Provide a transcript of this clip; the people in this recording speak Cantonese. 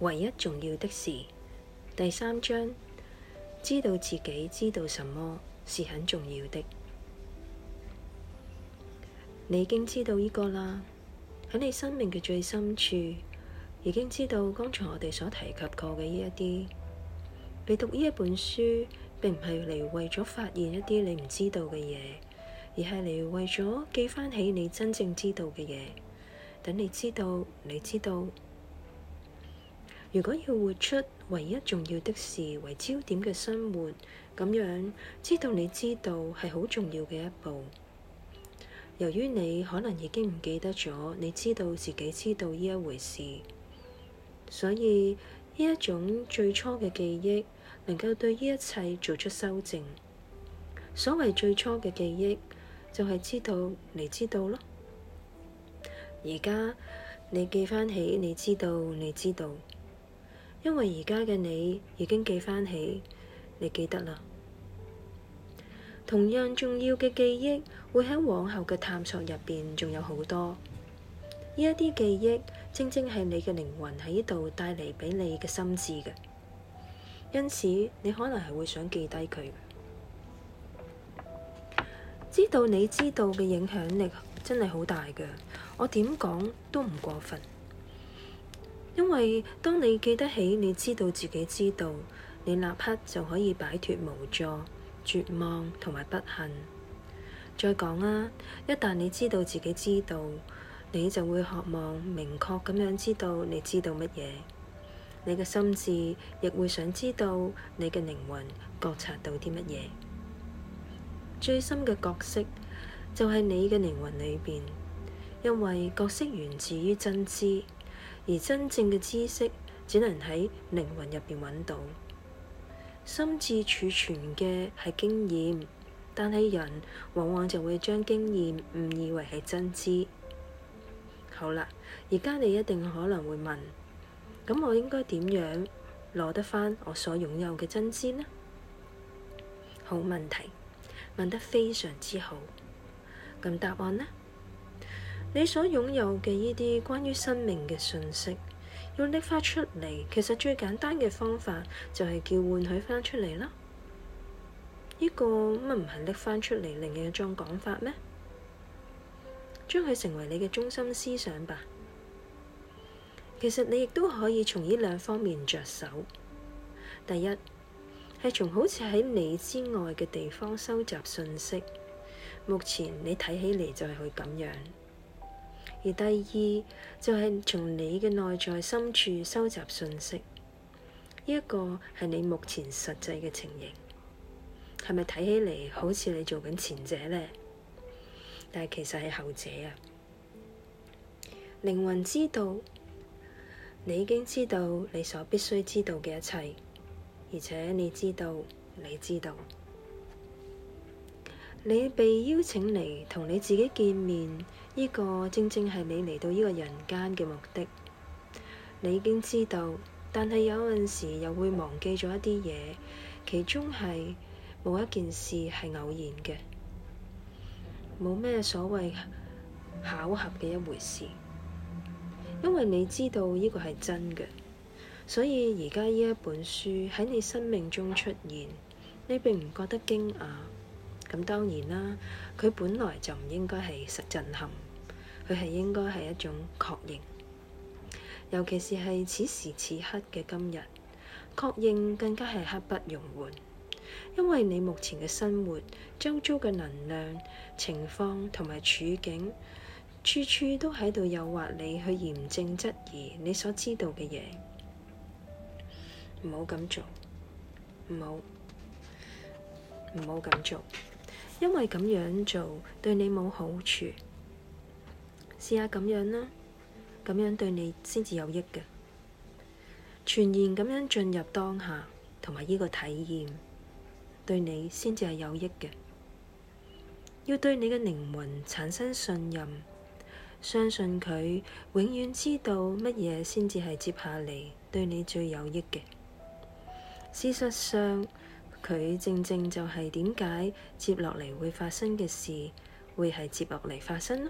唯一重要的事，第三章，知道自己知道什麼是很重要的。你已經知道呢個啦，喺你生命嘅最深處，已經知道剛才我哋所提及過嘅呢一啲。你讀呢一本書，並唔係嚟為咗發現一啲你唔知道嘅嘢，而係嚟為咗記翻起你真正知道嘅嘢。等你知道，你知道。如果要活出唯一重要的事為焦點嘅生活，咁樣，知道你知道係好重要嘅一步。由於你可能已經唔記得咗，你知道自己知道呢一回事，所以呢一種最初嘅記憶能夠對呢一切做出修正。所謂最初嘅記憶，就係知道你知道咯。而家你記翻起，你知道，你知道。因為而家嘅你已經記翻起，你記得啦。同樣重要嘅記憶會喺往後嘅探索入邊仲有好多。呢一啲記憶，正正係你嘅靈魂喺呢度帶嚟俾你嘅心智嘅。因此，你可能係會想記低佢。知道你知道嘅影響力真係好大嘅，我點講都唔過分。因為當你記得起，你知道自己知道，你立刻就可以擺脫無助、絕望同埋不幸。再講啦、啊，一旦你知道自己知道，你就會渴望明確咁樣知道你知道乜嘢。你嘅心智亦會想知道你嘅靈魂覺察到啲乜嘢。最深嘅角色就喺你嘅靈魂裏面，因為角色源自於真知。而真正嘅知識只能喺靈魂入邊揾到，心智儲存嘅係經驗，但係人往往就會將經驗誤以為係真知。好啦，而家你一定可能會問，咁我應該點樣攞得返我所擁有嘅真知呢？好問題，問得非常之好。咁答案呢？你所擁有嘅呢啲關於生命嘅信息，要拎翻出嚟，其實最簡單嘅方法就係叫喚佢翻出嚟啦。呢、這個乜唔係拎翻出嚟另一種講法咩？將佢成為你嘅中心思想吧。其實你亦都可以從呢兩方面着手。第一係從好似喺你之外嘅地方收集信息。目前你睇起嚟就係去咁樣。而第二就係、是、從你嘅內在深處收集信息，呢一個係你目前實際嘅情形，係咪睇起嚟好似你做緊前者呢？但係其實係後者啊！靈魂知道，你已經知道你所必須知道嘅一切，而且你知道，你知道，你被邀請嚟同你自己見面。呢個正正係你嚟到呢個人間嘅目的。你已經知道，但係有陣時又會忘記咗一啲嘢，其中係冇一件事係偶然嘅，冇咩所謂巧合嘅一回事。因為你知道呢個係真嘅，所以而家呢一本書喺你生命中出現，你並唔覺得驚訝。咁當然啦，佢本來就唔應該係實震撼。佢係應該係一種確認，尤其是係此時此刻嘅今日，確認更加係刻不容緩。因為你目前嘅生活、周遭嘅能量、情況同埋處境，處處都喺度誘惑你去嚴正質疑你所知道嘅嘢。唔好咁做，唔好，唔好咁做，因為咁樣做對你冇好處。試下咁樣啦，咁樣對你先至有益嘅。全然咁樣進入當下，同埋呢個體驗對你先至係有益嘅。要對你嘅靈魂產生信任，相信佢永遠知道乜嘢先至係接下嚟對你最有益嘅。事實上，佢正正就係點解接落嚟會發生嘅事，會係接落嚟發生呢。